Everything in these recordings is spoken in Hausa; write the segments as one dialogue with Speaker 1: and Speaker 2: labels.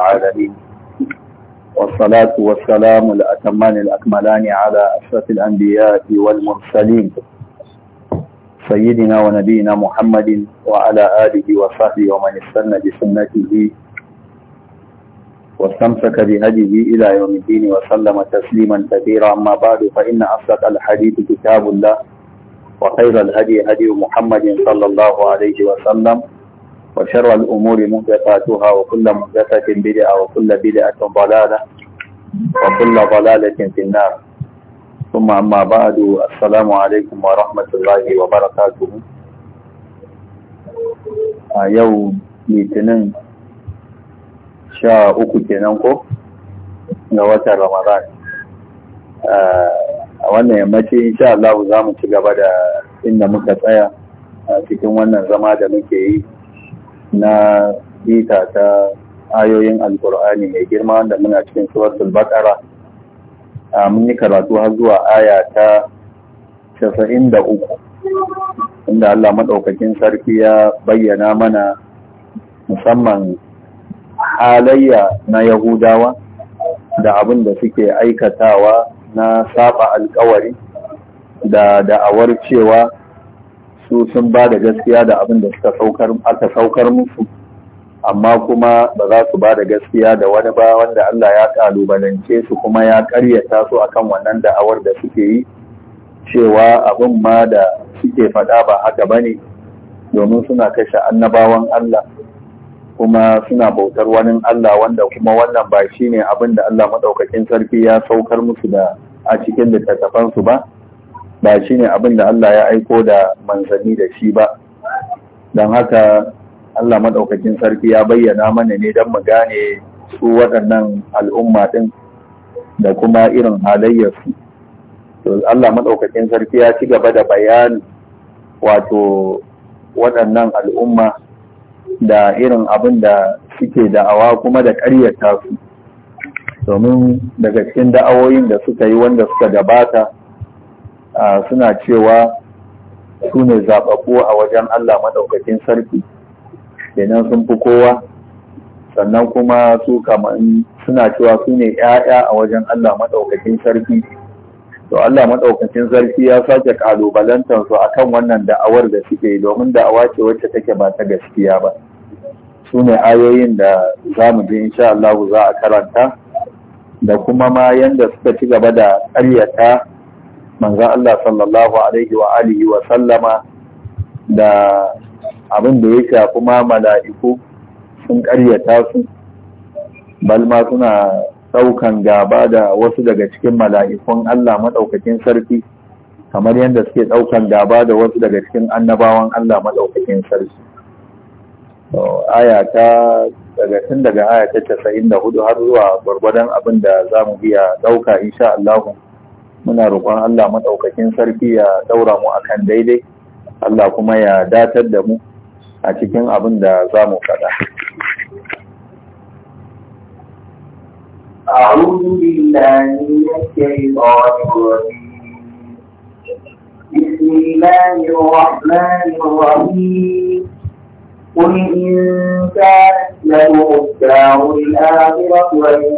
Speaker 1: العالمين والصلاة والسلام الأتمان الأكملان على أشرف الأنبياء والمرسلين سيدنا ونبينا محمد وعلى آله وصحبه ومن استنى بسنته واستمسك بهديه إلى يوم الدين وسلم تسليما كثيرا أما بعد فإن أصدق الحديث كتاب الله وخير الهدي هدي محمد صلى الله عليه وسلم وشر الأمور محدثاتها وكل محدثة بدعة وكل بدعة ضلالة وكل ضلالة في النار ثم أما بعد السلام عليكم ورحمة الله وبركاته يوم litinin sha uku kenan ko ga watan ramadan a wannan yammaci insha Allah za mu ci gaba da inda muka tsaya a cikin wannan zama da muke yi na bita ta ayoyin alkur'ani mai girma da muna cikin suratul baqara mun yi karatu har zuwa aya ta 93 inda Allah madaukakin sarki ya bayyana mana musamman halayya na yahudawa da abin da suke aikatawa na saba alkawari da da'awar cewa su sun ba da gaskiya da abin da suka saukar aka saukar musu amma kuma ba za su ba da gaskiya da wani ba wanda Allah ya kalubalance su kuma ya karyata su akan wannan da'awar da suke yi cewa abin ma da suke faɗa ba haka ne? domin suna kashe annabawan Allah kuma suna bautar wani Allah wanda kuma wannan ba shi ne abin da Allah maɗaukakin sarki ya saukar musu da a cikin littattafansu ba ba shi ne abin da Allah ya aiko da manzanni da shi ba don haka Allah maɗaukakin sarki ya bayyana mana ne don mu gane su waɗannan al'umma ɗin da kuma irin halayyarsu Allah maɗaukakin sarki ya ci gaba da bayan wato waɗannan al'umma da irin abin da suke da'awa kuma da ƙaryata su domin daga cikin da'awoyin da suka yi wanda suka gabata suna cewa su ne a wajen Allah maɗaukakin sarki kenan sun fi kowa sannan kuma su kamar suna cewa su ne ‘ya'ya a wajen Allah maɗaukakin sarki to Allah maɗaukakin sarki ya sake ƙalubalantar su akan wannan da'awar da suke domin da'awa ce wacce take ba ta gaskiya ba su ne ayoyin da za mu ji insha Allah za a karanta da kuma ma yanda suka ci gaba da ƙaryata manzan Allah sallallahu alaihi wa alihi wa sallama da abin da ya shafi ma mala'iku sun ƙaryata su balma suna ɗaukan gaba da wasu daga cikin mala'ikun Allah maɗaukakin sarki kamar yadda suke ɗaukan gaba da wasu daga cikin annabawan Allah maɗaukakin sarki ayata daga tun daga casa'in da 94 har zuwa gwargwadon abin da za mu iya ɗauka insha Allahun. muna roƙon Allah maɗaukakin sarki ya ɗaura mu akan daidai Allah kuma ya datar da mu a cikin abin da za mu faɗa.
Speaker 2: أعوذ بالله من الشيطان الرجيم بسم الله الرحمن الرحيم قل إن كانت له الدار الآخرة وإن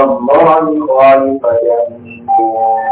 Speaker 2: الله خالصة جميعا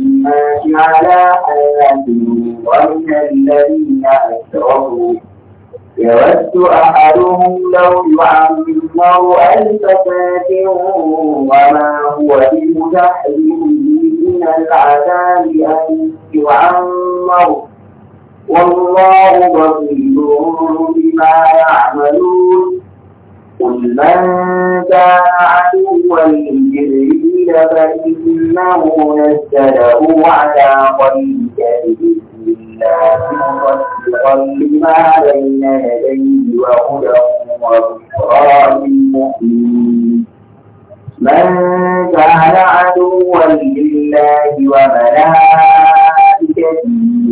Speaker 2: الناس على حياتهم ومن الذين أشركوا
Speaker 3: يود أحدهم
Speaker 2: لو يعمر ألف سنة وما هو بمزحزحه من العذاب أن يعمر والله بصير بما يعملون قل من كان عدوا لجبريل قيل فإنه نزله على قلبك الله مصدقا لما بين يديه وهدى وبشرى للمؤمنين من كان عدوا لله وملائكته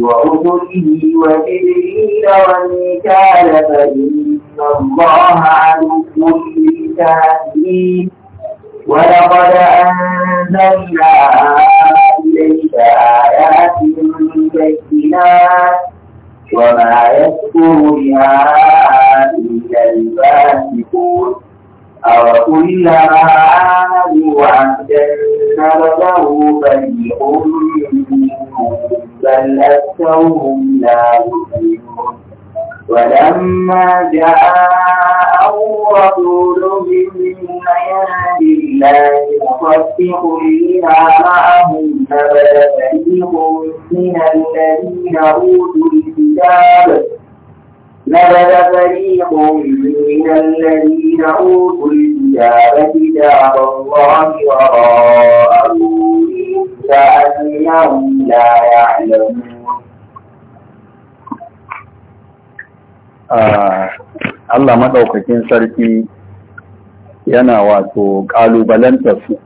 Speaker 2: ورسله وجبريل وميكال فإن الله عدو للكافرين ولقد أنزلنا إليك آيات بينات وما يذكر بها إلا الفاسقون أو كلما عاهدوا عهدا نبذه فريق منهم بل أكثرهم لا يؤمنون ولما جاء رسول من عند الله مصدق لما معهم نبذ فريق من الذين اوتوا الكتاب نبذ فريق من الذين اوتوا الكتاب كتاب الله وراء ظهورهم كانهم لا يعلمون
Speaker 1: Ah, Allah maɗaukakin sarki yana wato ƙalubalantar su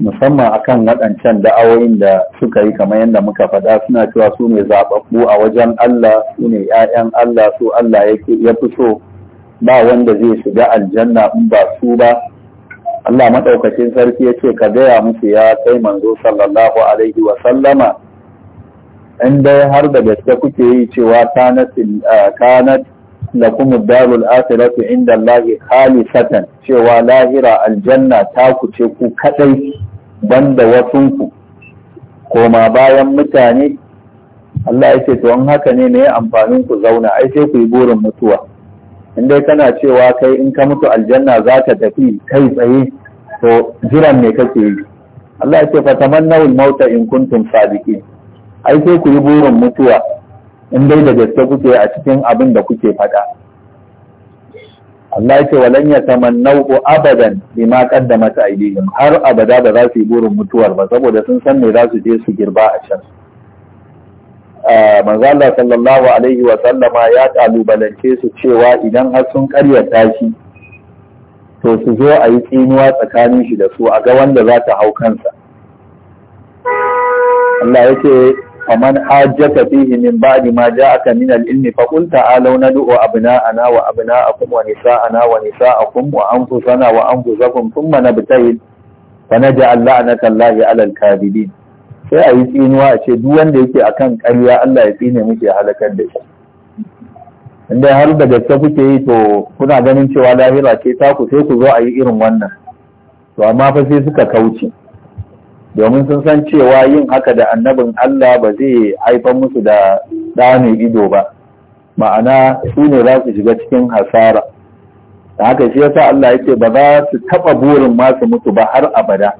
Speaker 1: musamman akan waɗancan da'awoyin da suka yi kamar yadda muka faɗa suna cewa su ne zaɓaɓɓu a wajen Allah su ne ‘ya'yan Allah su Allah ya fi so ba wanda zai shiga aljanna in ba su ba Allah maɗaukakin sarki ya ce ka gaya musu ya kai manzo sallallahu alaihi wa sallama in dai har da gaske kuke yi cewa kanat ah, lakum darul akhiratu inda Allah khalisatan cewa lahira aljanna ta ku ce ku kadai banda wasunku koma bayan mutane Allah ya ce to an haka ne ne amfanin ku zauna ai sai ku yi burin mutuwa in dai kana cewa kai in ka mutu aljanna za ta tafi kai tsaye to jiran ne kake yi Allah ya ce fa tamannawul mauta in kuntum sadiqin ai sai ku yi burin mutuwa in dai da gaske kuke a cikin abin da kuke faɗa Allah yake walan ya tamannau abadan bima qaddamat aydihim har abada da za su yi burin mutuwar ba saboda sun san me za su je su girba a can manzo Allah sallallahu alaihi wa sallama ya kalubalance su cewa idan har sun karyata shi to su zo a yi tsinuwa tsakanin shi da su a ga wanda za ta hau kansa Allah yake faman hajjaka fihi min ba'di ma ja'aka min al-ilmi fa qul ta'alu nad'u abna'ana wa abna'akum wa nisa'ana wa nisa'akum wa anfusana wa anfusakum thumma nabtahil fa naj'al la'nata Allahi 'ala al-kadhibin sai a yi tsinuwa a ce duk wanda yake akan karya Allah ya tsine muke halakar da shi inda har da gaske kuke yi to kuna ganin cewa lahira ce ta ku sai ku zo a yi irin wannan to amma fa sai suka kauce domin sun san cewa yin haka da annabin Allah ba zai haifar musu da ɗa mai ido ba ma'ana su ne za su shiga cikin hasara da haka shi yasa Allah yake ba za su taɓa burin masu mutu ba har abada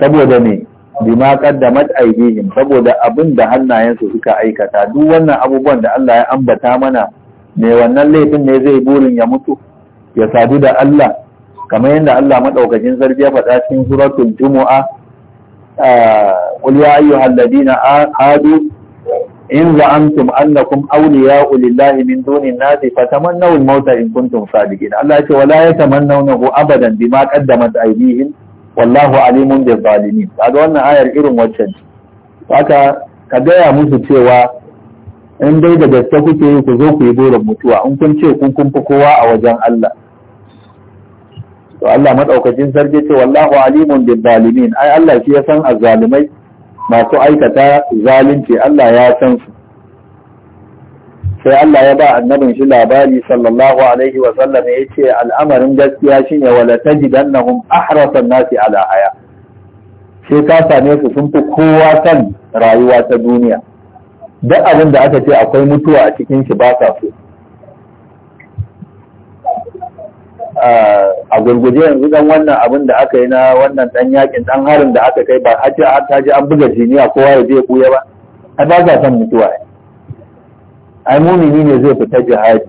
Speaker 1: saboda ne bima qaddamat aydihim saboda abin da hannayensu suka aikata duk wannan abubuwan da Allah ya ambata mana ne wannan laifin ne zai burin ya mutu ya sadu da Allah kamar yadda Allah maɗaukacin sarki ya faɗa cikin suratul jumu'a ƙulya ayyuhal ladina hadu in za'amtum annakum awliya lillahi min duni nasi fa tamannaw al-mauta in kuntum sadiqin Allah ya ce wala yatamannawnahu abadan bima qaddamat aydihim wallahu alimun bil zalimin kaga wannan ayar irin wacce ce ka gaya musu cewa in dai da gaske kuke yi kuzo kuyi yi burin mutuwa in kun ce ku kunfi kowa a wajen Allah to Allah madaukakin sarki ce wallahu alimun bil zalimin ai Allah shi ya san azzalimai masu aikata zalunci Allah ya san su sai Allah ya ba annabin shi labari sallallahu alaihi wa sallam ya ce al'amarin gaskiya shine wala tajidannahum ahrasan nasi ala haya sai ka same su sun fi kowa san rayuwa ta duniya duk abin da aka ce akwai mutuwa a cikin shi ba sa so a gurguje yanzu dan wannan abin da aka yi na wannan dan yakin dan harin da aka kai ba a ce an taji an buga jiniya kowa ya je buya ba ai ba za san mutuwa ai mumini ne zai fita jihadi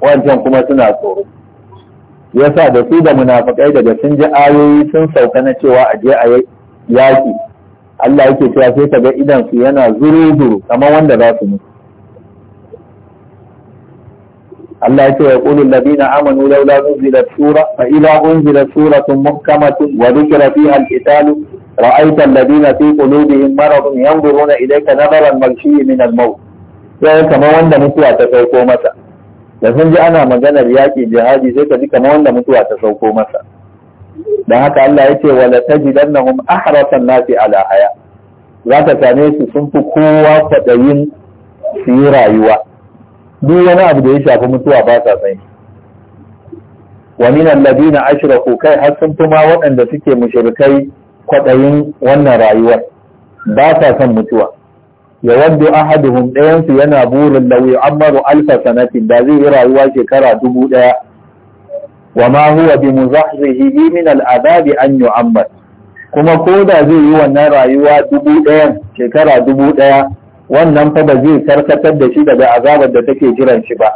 Speaker 1: wancan kuma suna tsoro yasa da su da munafikai daga sun ji ayoyi sun sauka na cewa a je a yaki Allah yake cewa sai ka ga idan su yana zuru zuru kamar wanda za su mutu Allah ya ce wa qulul ladina amanu laula unzilat sura fa idza unzilat suratun muhkamatun wa dhukira fiha al-qital ra'aita alladina fi qulubihim maradun yanzuruna ilayka nadara al-maghshi min al-maut sai kamar wanda mutuwa ta sauko masa da sun ji ana maganar yaƙi jihadi sai ka ji kamar wanda mutuwa ta sauko masa Da haka Allah ya ce wa la tajidannahum ahrasan nasi ala haya za ka same su sun fi kowa kwaɗayin su yi rayuwa duk wani abu da ya shafi mutuwa ba sa sani wa min alladina ashraku kai har sun fi ma waɗanda suke mushrikai kwaɗayin wannan rayuwar ba sa son mutuwa ya waddu ahaduhum ɗayan su yana burin lawi Ammaru alfa sanatin da zai yi rayuwa shekara dubu ɗaya wa ma huwa bi muzahzihi min al'adabi an yu'ammar kuma ko da zai yi wannan rayuwa dubu ɗayan shekara dubu ɗaya wannan fa ba zai karkatar da shi daga azabar da take jiran shi ba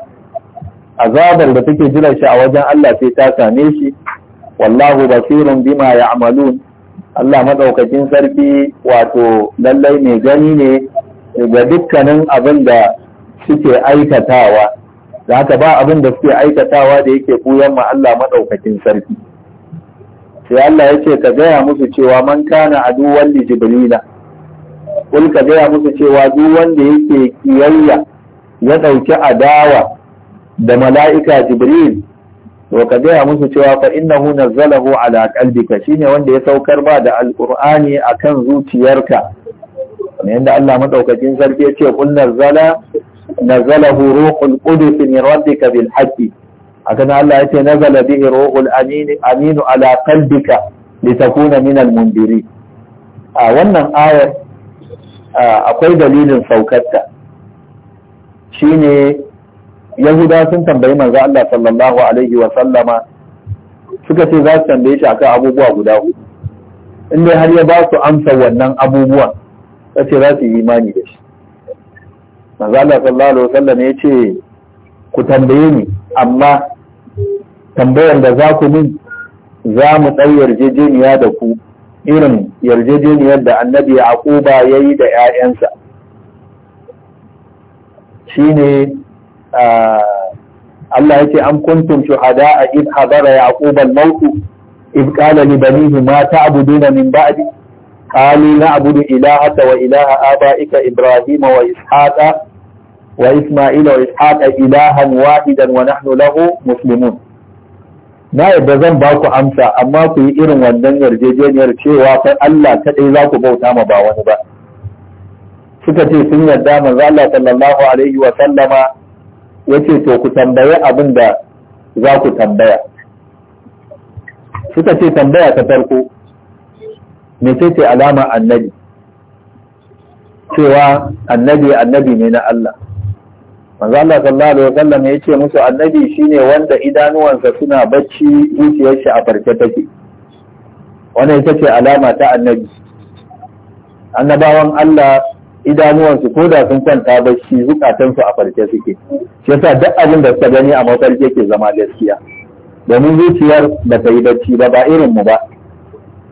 Speaker 1: azabar da take jiran shi a wajen Allah sai ta same shi wallahu basirun bima ya'malun Allah madaukakin sarki wato lallai mai gani ne ga dukkanin abin da suke aikatawa da haka ba abin da suke aikatawa da yake buyan ma Allah madaukakin sarki sai Allah ya ce ka gaya musu cewa man kana aduwan li kul ka gaya musu cewa duk wanda yake kiyayya ya ɗauki adawa da mala'ika jibril to ka gaya musu cewa fa innahu nazzalahu ala qalbika shine wanda ya saukar ba da alqur'ani akan zuciyarka ne yadda Allah madaukakin sarki ya ce kul nazzala nazzalahu ruhul qudus min rabbika bil haqqi akan Allah ya ce nazala bihi ruhul amin aminu ala qalbika litakuna min al mundiri a wannan ayar akwai dalilin saukarta shine yahuda sun tambayi manzo Allah sallallahu alaihi wa sallama suka ce za su tambaye shi akan abubuwa guda hudu in dai har ya ba su amsa wannan abubuwan ce za su yi imani da shi manzo Allah sallallahu alaihi wa sallam ya ce ku tambaye ni amma tambayar da za ku min za mu tsayar jejeniya da ku irin yarjejeniyar da annabi yaquba ya yi da 'ya'yansa shine Allah ce an kuntum shuhada id hadara yaquba al-maut id qala li banihi ma ta'buduna min ba'di abu da ilahaka wa ilaha abaika ibrahima wa ishaqa وإسماعيل ilahan wahidan wa nahnu lahu مسلمون na yadda zan ba ku amsa amma ku yi irin wannan yarjejeniyar cewa fa Allah kaɗai za ku bauta ma ba wani ba suka ce sun yarda manzo Allah sallallahu alaihi wa sallama yace to ku tambaye abin da za ku tambaya suka ce tambaya ta farko mecece ce alama annabi cewa annabi annabi ne na Allah manzo Allah sallallahu alaihi wasallam ya ce musu annabi shine wanda idanuwansa suna bacci zuciyar shi a farke take wannan ita ce alama ta annabi annabawan Allah idanuwansu ko da sun kwanta bacci zukatansu a farke suke shi yasa duk abin da suka gani a mafarki yake zama gaskiya domin zuciyar ba ta yi bacci ba ba irin mu ba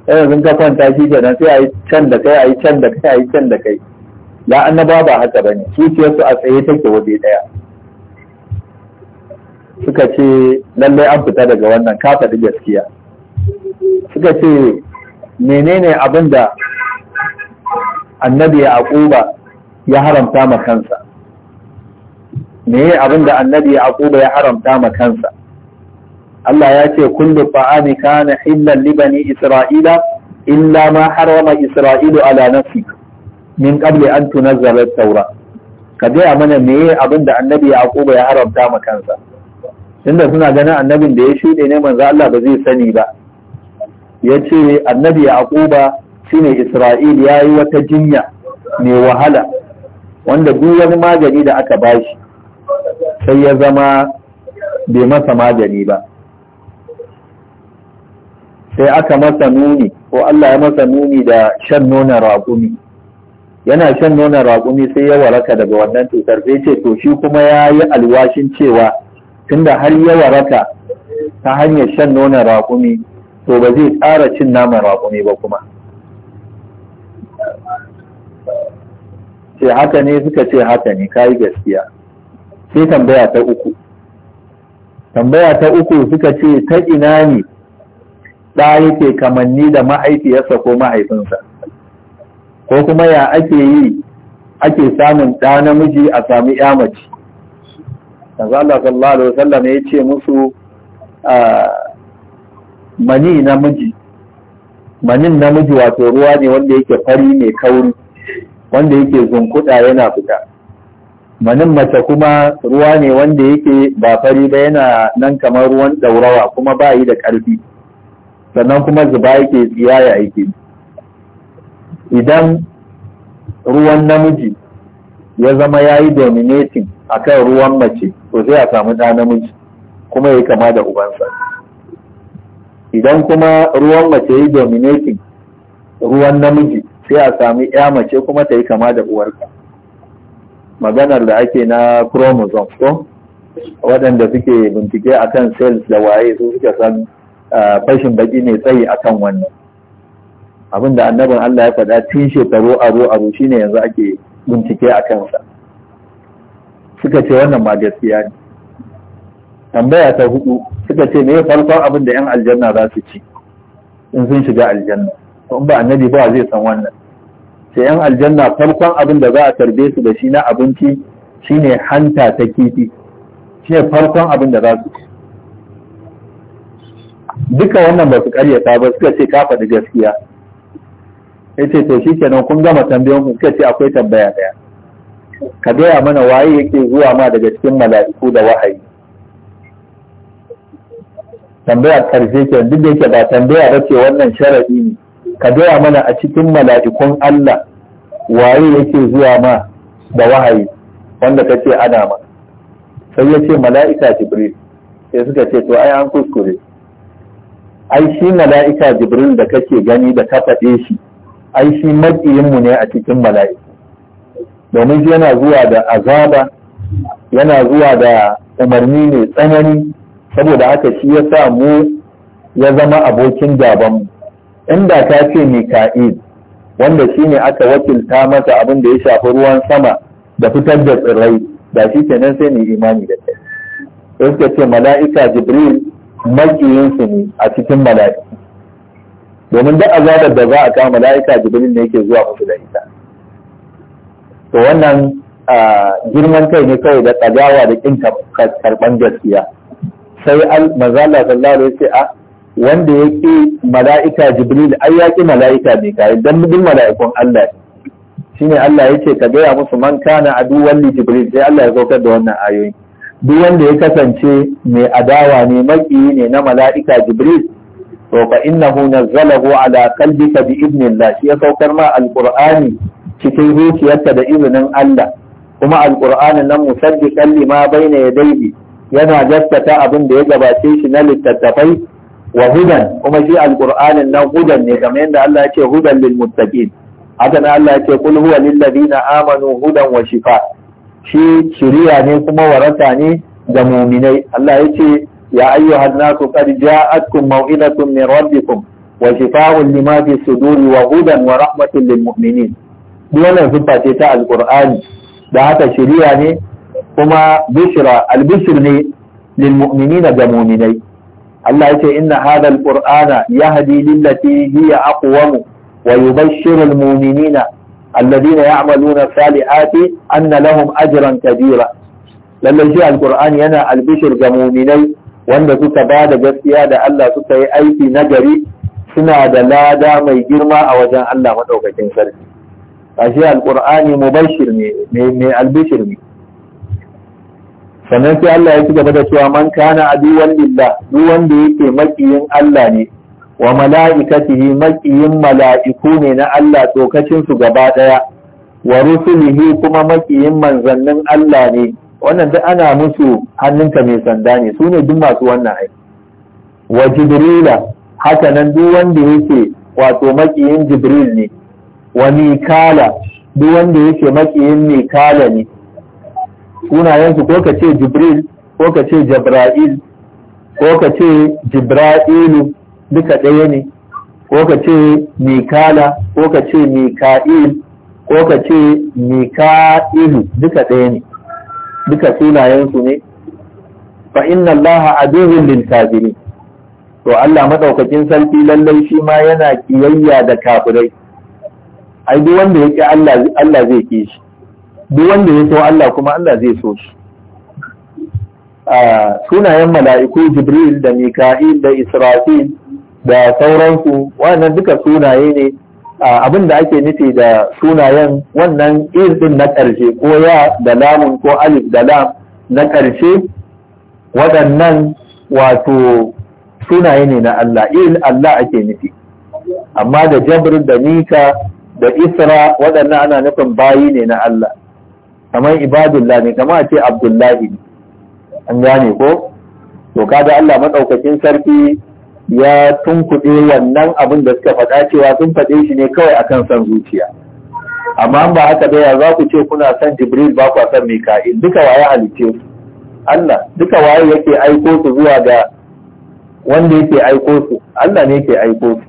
Speaker 1: yanzu ka kwanta shi kenan sai a yi can da kai a yi can da kai a yi can da kai la annaba ba haka ba ne su a tsaye take waje daya suka ce lallai an fita daga wannan ka gaskiya suka ce menene abin da annabi ya akuba ya haramta ma kansa meye abin da annabi ya akuba ya haramta ma kansa Allah ya ce kullu fa'ami kana hillan libani isra'ila illa ma harama isra'ilu ala nafsika min qabli an tunazzala taura ka gaya mana meye abin da annabi yaquba ya haramta ma kansa tunda suna ganin annabin da ya shuɗe ne manzo Allah ba zai sani ba Ya ce annabi yaquba shine isra'il ya yi wata jinya mai wahala wanda duk wani magani da aka bashi sai ya zama bai masa magani ba sai aka masa nuni ko Allah ya masa nuni da shan nonon raƙumi yana shan nonon raƙumi sai ya waraka daga wannan cutar sai ce to shi kuma ya yi alwashin cewa tunda har ya waraka ta hanyar shan nonon raƙumi to ba zai ƙara cin naman raƙumi ba kuma ce haka ne suka ce haka ne ka yi gaskiya sai tambaya ta uku tambaya ta uku suka ce ta ina ne ɗa yake kamanni da mahaifiyarsa ko mahaifinsa ko kuma ya ake yi ake samun ɗa namiji a sami ya mace yanzu Allah sallallahu alaihi wasallam ya ce musu mani namiji manin namiji wato ruwa ne wanda yake fari mai kauri wanda yake zunkuda yana fita manin mace kuma ruwa ne wanda yake ba fari ba yana nan kamar ruwan ɗaurawa kuma ba yi da ƙarfi sannan kuma zuba yake tsiyaya yake yi idan ruwan namiji ya zama ya yi dominating a kan ruwan mace to sai a samu ɗa namiji kuma ya yi kama da ubansa idan kuma ruwan mace ya yi dominating ruwan namiji sai a sami ya mace kuma ta yi kama da uwarka maganar da ake na chromosomes ko waɗanda suke bincike akan cells da waye su suka san ah, fashin baki ne tsayi akan wannan da annabin Allah ya faɗa tun shekaru aro aro shine yanzu ake bincike a kansa suka ce wannan ma gaskiya ne tambaya ta hudu suka ce me farkon abin da yan aljanna za su ci in sun shiga aljanna to in ba annabi ba zai san wannan sai yan aljanna farkon abin da za a tarbe su da shi na abinci shine hanta ta kifi shine farkon abin da za su ci duka wannan ba su karyata ba suka ce ka faɗi gaskiya ya ce to shikenan kun gama tambayan ku suka ce akwai tambaya daya ka gaya mana waye yake zuwa ma daga cikin mala'iku da wahayi tambaya karshe ke duk da yake ba tambaya ba ce wannan sharadi ne ka gaya mana a cikin mala'ikun Allah waye yake zuwa ma da wahayi wanda ka ce ana ma sai ya ce mala'ika jibril sai suka ce to ai an kuskure ai shi mala'ika jibril da kake gani da ka faɗe shi ai shi maƙiyinmu ne a cikin mala'iku domin shi yana zuwa da azaba yana zuwa da umarni mai tsanani saboda haka shi ya sa mu ya zama abokin gabanmu inda ta ce mika'il wanda shi ne aka wakilta masa abin da ya shafi ruwan sama da fitar da tsirrai da shi kenan sai ni imani da kai ce mala'ika jibril maƙiyinsu ne a cikin mala'iku domin da azabar da za a kama mala'ika jibril ne yake zuwa musu da ita to wannan girman kai ne kawai da tsagawa da kin karban gaskiya sai mazala sallallahu alaihi ce a wanda ya mala'ika jibril ai ya mala'ika ne kai don duk mala'ikun Allah shine Allah yake ka gaya musu man kana aduwan li jibril sai Allah ya saukar da wannan ayoyi duk wanda ya kasance mai adawa ne maki ne na mala'ika jibril to fa innahu nazzalahu ala qalbika bi idnillah shi ya saukar ma alqur'ani cikin zuciyarka da izinin Allah kuma alqur'anin nan musaddiqan lima ya yadayhi yana gaskata abin da ya gabace shi na littattafai wa hudan kuma shi alqur'anin nan hudan ne kamar yadda Allah ya ce hudan lil muttaqin haka nan Allah ya ce qul huwa lil ladina amanu hudan wa shifa shi shiriya ne kuma waraka ne ga muminai Allah ya ce يا أيها الناس قد جاءتكم موئلة من ربكم وشفاء لما في الصدور وهدى ورحمة للمؤمنين دولة سبة تاء القرآن دعات شرياني هما بشرى البشر للمؤمنين جمومني الله يقول إن هذا القرآن يهدي للتي هي أقوم ويبشر المؤمنين الذين يعملون الصالحات أن لهم أجرا كبيرا لما جاء القرآن ينا البشر كمؤمنين wanda suka ba da gaskiya da Allah suka yi aiki na gari, suna da lada mai girma a wajen Allah maɗaukakin sarki ashe mu bashir ne mai albishir ne sannan sai Allah ya ci gaba da cewa man kana aduwan lillah duk wanda yake makiyin Allah ne wa mala'ikatihi makiyin mala'iku ne na Allah tsokacin su gaba ɗaya wa rusulihi kuma makiyin manzannin Allah ne wannan duk ana musu hannunka mai sanda ne su ne duk masu wannan aiki wa jibrila haka nan duk wanda yake wato makiyin jibril ne wa mikala duk wanda yake makiyin mikala ne sunayensu ko ka ce jibril ko ka ce jabra'il ko ka ce jibra'ilu duka ɗaya ne ko ka ce mikala ko ka ce mika'il ko ka ce mika'ilu duka ɗaya ne duka sunayensu ne fa inna allaha aduwwun lil kafirin to Allah madaukakin sarki lallai shi ma yana kiyayya da kafirai ai duk wanda ya Allah Allah zai ki shi duk wanda ya so Allah kuma Allah zai so shi a sunayen mala'iku Jibril da Mika'il da Israfil da sauransu wannan duka sunaye ne abin da ake nufi da sunayen wannan ir din na ƙarshe ko ya da lamun ko alif da lam na ƙarshe waɗannan wato sunaye ne na Allah il Allah ake nufi amma da jabr da nika da isra waɗannan ana nufin bayi ne na Allah kamar ibadullah ne kamar ce abdullahi an gane ko to kada Allah madaukakin sarki ya tunkuɗe wannan abin da suka faɗa cewa sun faɗe shi ne kawai akan son zuciya amma ba haka da za ku ce kuna son jibril ba ku son mika'il duka waye su Allah duka waye yake aiko su zuwa ga wanda yake aiko su Allah ne yake aiko su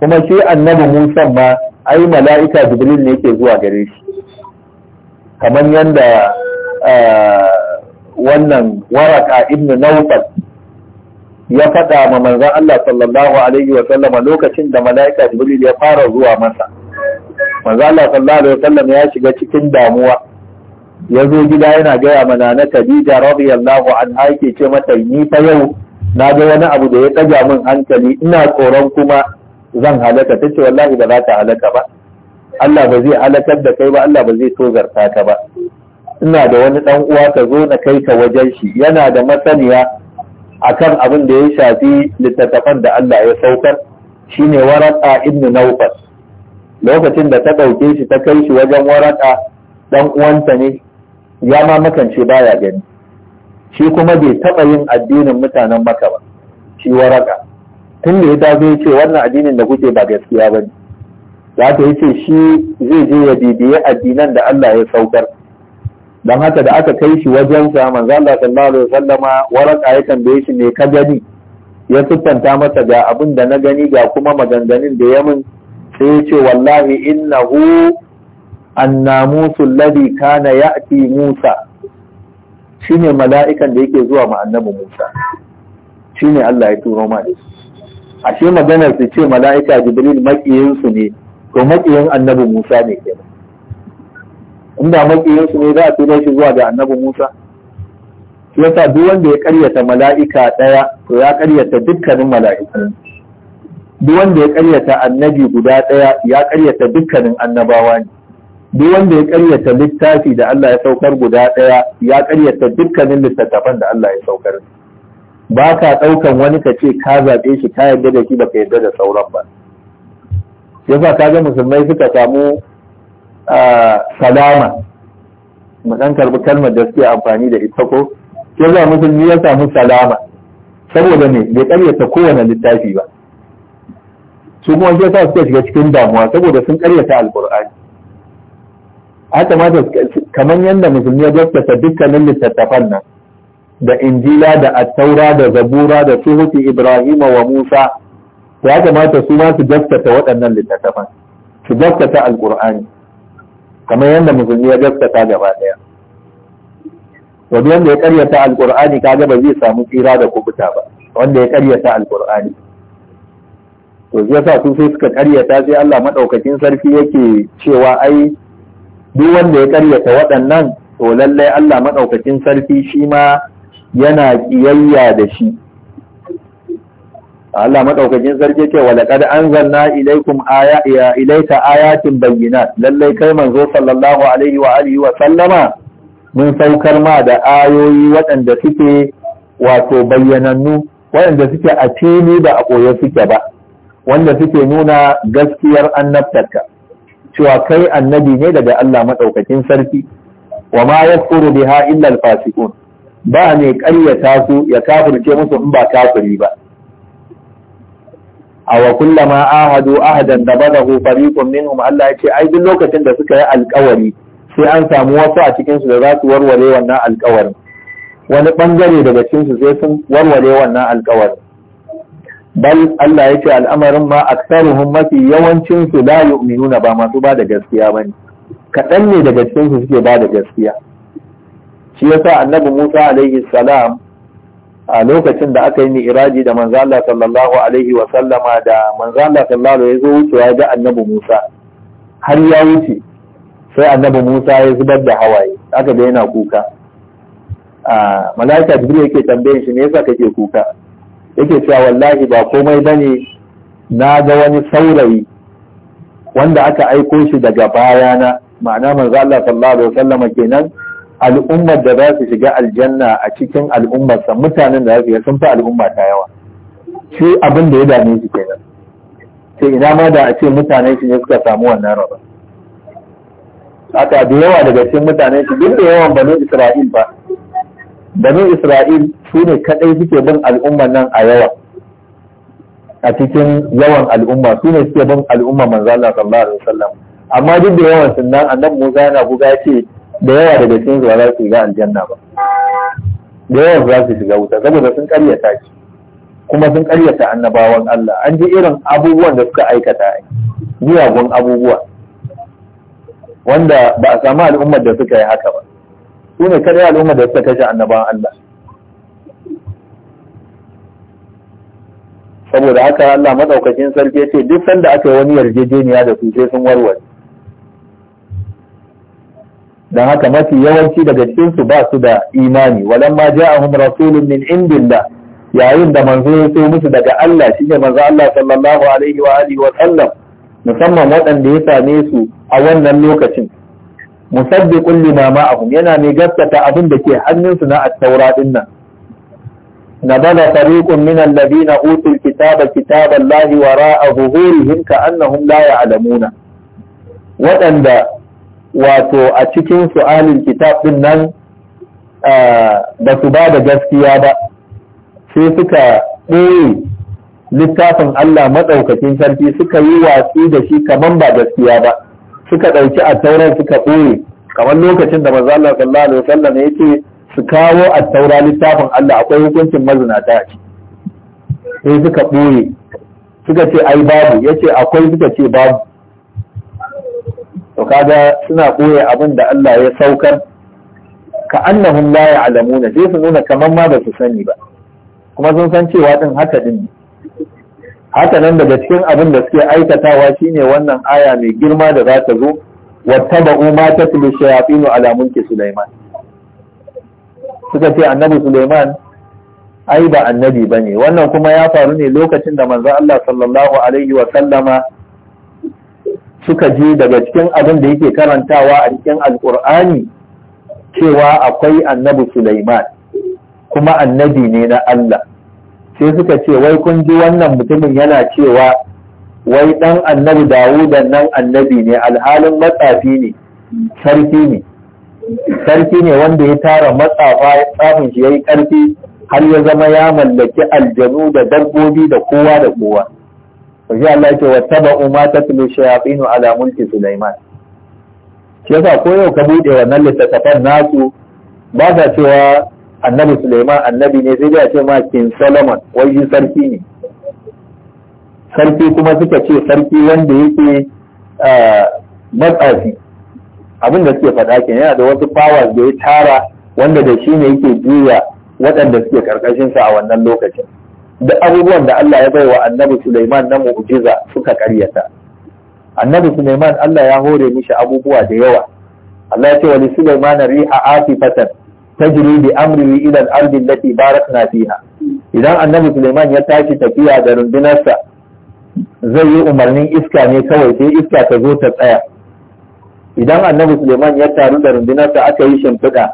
Speaker 1: kuma shi annabi Musa ma ai mala'ika jibril ne yake zuwa gare shi kamar yanda ah, wannan waraka ibnu nawfal ya faɗa ma manzan Allah sallallahu alaihi wa sallama lokacin da mala'ika Jibril ya fara zuwa masa Maza Allah sallallahu alaihi wa sallam ya shiga cikin damuwa ya zo gida yana gaya mana na Khadija radiyallahu anha yake ce mata ni fa yau na ga wani abu da ya ɗaga min hankali ina tsoron kuma zan halaka tace wallahi ba za ta halaka ba Allah ba zai halakar da kai ba Allah ba zai tozarta ka ba ina da wani dan uwa ka zo na kai ka wajen shi yana da masaniya akan abin da ya shafi littattafan da Allah ya saukar shine waraka ibnu Nawfal lokacin da ta ɗauke shi ta kai shi wajen waraka dan uwanta ne ya ma makance baya gani shi kuma bai taba yin addinin mutanen maka ba shi waraka tun da ya ya ce wannan addinin da kuke ba gaskiya ba ne za ta yi ce shi zai je ya bibiye addinan da Allah ya saukar don haka da aka kai shi wajen sa manzo Allah sallallahu alaihi wasallama waraka ya tambaye shi me ka gani ya tuttanta masa ga abin da na gani ga kuma maganganun da ya min sai ya ce wallahi innahu annamusu ladi, kana ya'ti Musa shine mala'ikan da yake zuwa ma annabi Musa shine Allah ya turo ma shi ashe maganar su ce mala'ika Jibril makiyin su ne to makiyin annabi Musa ne kenan inda makiyin ne za a tura shi zuwa ga annabi Musa shi yasa duk wanda ya karyata mala'ika ɗaya to ya karyata dukkanin mala’ika. duk wanda ya karyata annabi guda ɗaya ya karyata dukkanin annabawa ne duk wanda ya karyata littafi da Allah ya saukar guda ɗaya ya karyata dukkanin littattafan da Allah ya saukar ba ka ɗaukan wani ka ce ka zaɓe shi ka yarda da shi baka yarda da sauran ba yasa kaga musulmai suka samu salama mu dan karbi kalmar da suke amfani da ita ko ke za ni ya samu salama saboda ne bai karyata kowane littafi ba su kuma shi sa suka shiga cikin damuwa saboda sun karyata alqur'ani haka ma kamar yadda musulmi ya gaskata dukkanin littattafan nan da injila da attaura da zabura da suhufi Ibrahim wa musa ya kamata su ma su gaskata waɗannan littattafan su gaskata alqur'ani kamar yadda musulmi ya gaskata gaba ɗaya Wani wanda ya karyata Alƙur'ani kaga ba zai samu tsira da kubuta ba wanda ya karyata Alƙur'ani. to zai sa su sai suka karyata sai Allah maɗaukakin sarki yake cewa ai duk wanda ya karyata waɗannan to lallai Allah maɗaukakin sarki shi ma yana ƙiyayya da shi Allah madaukakin sarki ce walaqad anzalna ilaykum ayati ilayka ayatin bayyinat lallai kai manzo sallallahu alaihi wa alihi wa sallama mun saukar ma da ayoyi waɗanda suke wato bayyanannu waɗanda suke a fili ba a koyo suke ba wanda suke nuna gaskiyar annabtarka cewa kai annabi ne daga Allah madaukakin sarki wa ma yakfuru biha illa al-fasiqun ba ne ƙaryata su ya kafirce musu in ba kafiri ba aw kullama ahadu ahadan dabadahu fariqun minhum Allah ya ce ai duk lokacin da suka yi alkawari sai an samu wasu a cikinsu da za su warware wannan alkawarin wani bangare daga cikinsu sai sun warware wannan alkawarin bal Allah ya ce al'amarin ma aksaruhum mafi yawancin su la yu'minuna ba masu ba da gaskiya ne. kaɗan ne daga cikinsu suke ba da gaskiya shi yasa annabi Musa alaihi salam a lokacin da aka yi mi'raji da manzo sallallahu alaihi wa sallama da manzo Allah sallallahu ya zo wucewa ga annabi Musa har ya wuce sai annabi Musa ya zubar da hawaye aka da yana kuka a malaika Jibril yake tambayin shi me yasa kake kuka yake cewa wallahi ba komai bane na ga wani saurayi wanda aka aiko shi daga bayana ma'ana manzo sallallahu alaihi wa sallama kenan al'ummar da za su shiga aljanna a cikin al'ummarsa mutanen da za su sun fi al'umma ta yawa shi abin da ya dame shi kenan sai ina ma da a ce mutanen shi ne suka samu wannan raba haka da yawa daga cikin mutanen shi duk da yawan banu isra'il ba banu isra'il su ne kadai suke bin al'ummar nan a yawa a cikin yawan al'umma su ne suke bin al'umma manzo Allah sallallahu alaihi wasallam amma duk da yawan sunan annabi Musa yana buga ce da yawa daga cikin su ba za su shiga aljanna ba da yawa za su shiga wuta saboda sun karyata shi kuma sun karyata annabawan Allah an ji irin abubuwan da suka aikata miyagun abubuwa wanda ba a samu al'ummar da suka yi haka ba su ne kadai al'ummar da suka kashe annabawan Allah saboda haka Allah madaukakin sarki ya ce duk sanda aka yi wani yarjejeniya da su sai sun warware dan haka mafi yawanci daga cikin su ba su da imani walamma ja'ahum rasulun min indillah yayin da manzo ya so musu daga Allah shine manzo Allah sallallahu alaihi wa alihi wa sallam musamman waɗanda ya same su a wannan lokacin musaddiqun lima ma'ahum yana mai gaskata abin da ke hannunsu na at-taura din nan nabala fariqun min alladhina utul kitaba kitaba Allah wara'a zuhurihim ka'annahum la ya'lamuna waɗanda wato a cikin su'alin kitab din nan ba su ba da gaskiya ba sai suka ɗoye littafin Allah maɗaukakin sarki suka yi watsi da shi kaman ba gaskiya ba suka ɗauki a tauran suka ɓoye kamar lokacin da manzo Allah sallallahu alaihi wasallam ya su kawo a taura littafin Allah akwai hukuncin mazinata a sai suka ɓoye suka ce ai babu ya ce akwai suka ce babu suna ɓoye abin da Allah ya saukar ka annahum la ya'lamuna sai su nuna kamar ma ba su sani ba kuma sun san cewa din haka din haka nan daga cikin abin da suke aikatawa shine wannan aya mai girma da za ta zo wattaba'u ma tatlu shayatinu ala mulki Sulaiman suka ce annabi Sulaiman ai ba annabi bane wannan kuma ya faru ne lokacin da manzo Allah sallallahu alaihi wa sallama suka ji daga cikin abin da yake karantawa a cikin alkur'ani cewa akwai annabi Sulaiman kuma annabi ne na Allah sai suka ce wai kun ji wannan mutumin yana cewa wai dan annabi Dawudan nan annabi ne alhalin matsafi ne sarki ne sarki ne wanda ya tara matsafa tsafin shi yayi karfi har ya zama ya mallaki aljanu da dabbobi da kowa da kowa to shi wa taba umma ta tatlu shayafinu ala mulki Sulaiman shi yasa ko yau ka buɗe wannan littattafan nasu ba ta cewa annabi Sulaiman annabi ne sai dai a ce ma kin Solomon wai shi sarki ne sarki kuma suka ce sarki wanda yake matsafi abin da suke faɗa ke yana da wasu powers da ya tara wanda da shi ne yake juya waɗanda suke ƙarƙashinsa a wannan lokacin da abubuwan da Allah ya bai wa annabi Sulaiman na mu'jiza suka karyata annabi Sulaiman Allah ya hore mishi abubuwa da yawa Allah ya ce wa Sulaiman riha afifatan tajri bi amrihi ila al-ardi allati barakna fiha idan annabi Sulaiman ya tashi tafiya da rundunarsa zai yi umarnin iska ne kawai sai iska ta zo ta tsaya idan annabi Sulaiman ya taru da rundunarsa aka yi shimfiɗa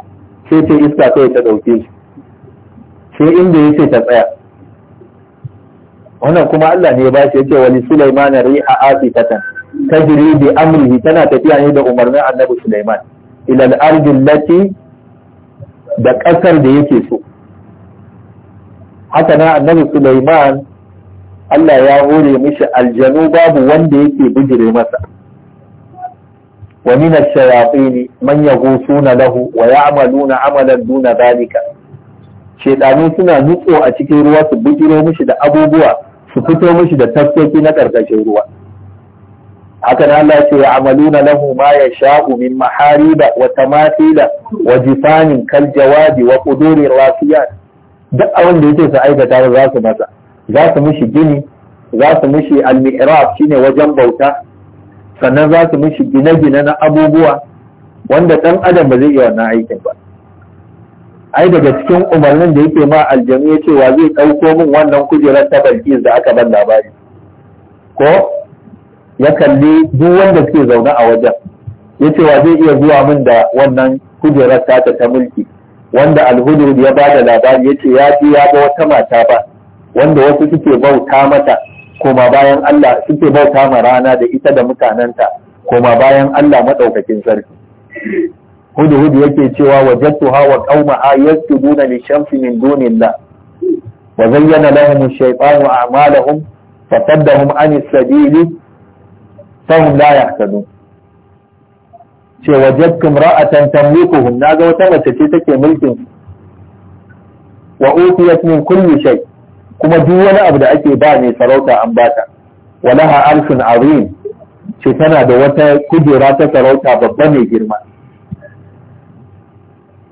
Speaker 1: sai ce iska kawai ta ɗauke shi sai inda ya ce ta tsaya wannan kuma Allah ne ya bashi yace wali Sulaiman riha asifatan tajri bi amrihi tana tafiya ne da umarnin Annabi Sulaiman ila al-ardi allati da kasar da yake so haka na Annabi Sulaiman Allah ya hore mishi aljanu babu wanda yake bijire masa wa min ash-shayatin man yaghusuna lahu wa ya'maluna amalan duna dhalika shedanu suna nutso a cikin ruwa su bijiro mishi da abubuwa su fito mishi da tafkoki na ƙarƙashin ruwa haka na Allah ce amaluna lahu ma yasha'u min mahariba wa tamathila wa jifanin kal jawabi wa quduri rasiyat duk abin da yake su aikata za su masa za su mishi gini za su mishi al-mi'rab shine wajen bauta sannan za su mishi gine-gine na abubuwa wanda dan adam ba zai iya wannan aikin ba ai daga cikin umarnin da yake ma aljami ya cewa zai ɗauko min wannan kujerar ta balkis da aka ban labari ko ya kalli duk wanda suke zaune a wajen ya cewa zai iya zuwa min da wannan kujerar tata ta mulki wanda alhudu ya ba da labari ya ce ya ji ya ga wata mata ba wanda wasu suke bauta mata koma bayan Allah suke bauta ma rana da ita da mutanenta koma bayan Allah maɗaukakin sarki hudu yake cewa wajadtuha wa qaumaha yasjuduna lishamsi min dunillah wa zayyana lahum shaytanu a'malahum fasaddahum an as-sabili fahum la yahtadun ce wajadtum ra'atan tamlikuhum naga wata mace ce take mulkin wa utiyat min kulli shay kuma duk wani abu da ake ba mai sarauta an bata walaha alfun azim ce tana da wata kujera ta sarauta babba mai girma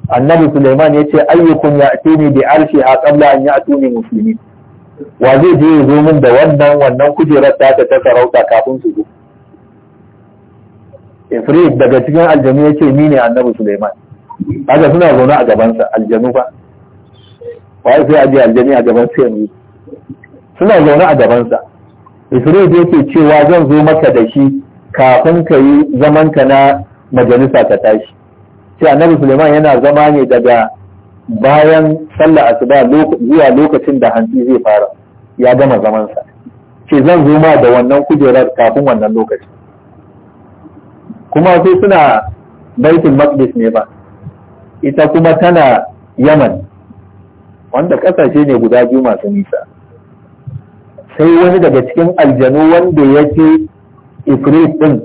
Speaker 1: annabi Sulaiman ya ce ayyukun ya ne bi arshi a qabla an ya ne musulmi wa zai je ya zo min da wannan wannan kujerar ta ta sarauta kafin su zo Ifrit daga cikin aljanu ya ce ni ne annabi Sulaiman haka suna zaune a gabansa aljanu fa wa sai aje aljani a gaban sai yanzu suna zaune a gabansa Ifrit yake cewa zan zo maka da shi kafin ka yi zamanka na majalisa ka tashi cewa annabi Suleiman yana zama ne daga bayan sallar asuba zuwa lokacin da hantsi zai fara ya gama zamansa ce zan zo ma da wannan kujerar kafin wannan lokacin kuma sai suna baitin maqdis ne ba ita kuma tana yaman wanda kasashe ne guda biyu masu nisa sai wani daga cikin aljanu wanda ya yake ifrit din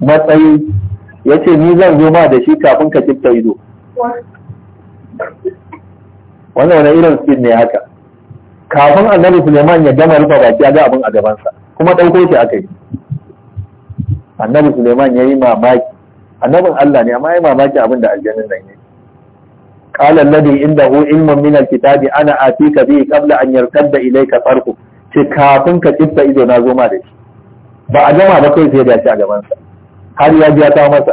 Speaker 1: matsayi ya ce ni zan zo ma da shi kafin ka kifta ido wannan wani irin skin ne haka kafin annabi suleiman ya gama rufe baki a ga abin a gabansa kuma ɗauko shi aka yi annabi suleiman ya yi mamaki annabin allah ne amma ya yi mamaki abin da aljanin nan ne قال الذي عنده علم من الكتاب انا اتيك به قبل ان يرتد اليك طرفك كافن kafin ka kifta ido na ma da ba a gama ba kai sai da shi a har ya biya ta masa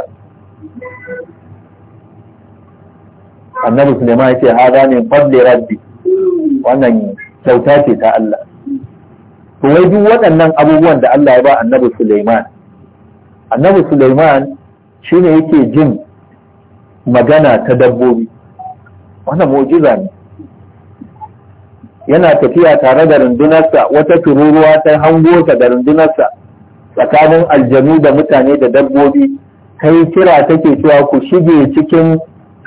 Speaker 1: annabi suleiman ya ce hada ne fadli rabbi wannan kyauta ce ta Allah to wai duk waɗannan abubuwan da Allah ya ba annabi suleiman annabi suleiman ne yake jin magana ta dabbobi wannan mu'jiza ne yana tafiya tare da rundunarsa wata tururuwa ta hango ta da rundunarsa tsakanin aljanu da mutane da dabbobi kai kira take cewa ku shige cikin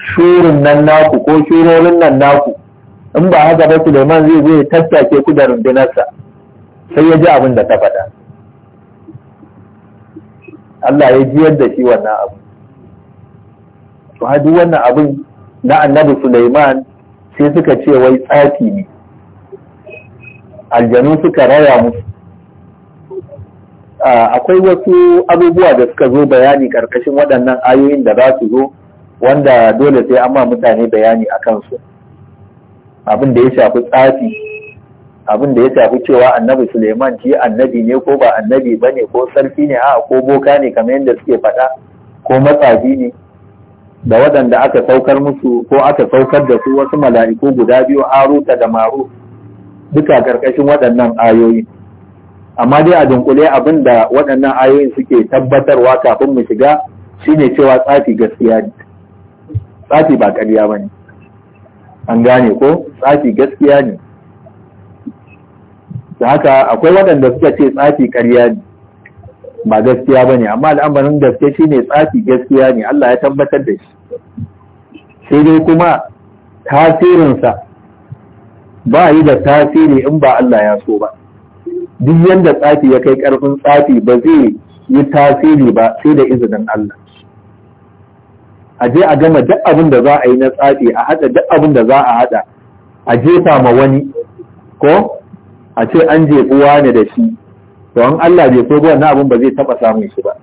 Speaker 1: shurin nan naku ko shurorin nan naku in ba haka ba Suleiman zai zai tattake ku da rundunarsa sai ya ji abin da ta faɗa Allah ya jiyar da shi wannan abu to duk wannan abin na annabi Suleiman sai suka ce wai tsafi ne aljanu suka raya musu akwai wasu abubuwa da suka zo bayani karkashin waɗannan ayoyin da za su zo wanda dole sai an ma mutane bayani a kansu abin da ya shafi tsafi abin da ya shafi cewa annabi suleiman ci annabi ne ko ba annabi ba ne ko sarki ne a ko boka ne kamar yadda suke faɗa
Speaker 2: ko matsafi
Speaker 1: ne da waɗanda aka saukar musu ko aka saukar da su wasu mala'iku guda biyu haruta da maru duka karkashin waɗannan ayoyi amma dai a dunkule abin da waɗannan ayoyin suke tabbatarwa kafin mu shiga shine cewa tsafi gaskiya ne tsafi ba ƙarya ba ne an gane ko tsafi gaskiya ne da haka akwai waɗanda suka ce tsafi ƙarya ne ba gaskiya ba ne amma al'amarin gaske shi ne tsafi gaskiya ne Allah ya tabbatar da shi sai dai kuma tasirinsa ba yi da tasiri in ba Allah ya so ba duk yadda tsafi ya kai ƙarfin tsafi ba zai yi tasiri ba sai da izinin Allah a je a gama duk abin da za a yi na tsafi a haɗa duk abin da za a haɗa a jefa ma wani ko a ce an jefi wani da shi to an Allah bai so na abin ba zai taɓa samun shi ba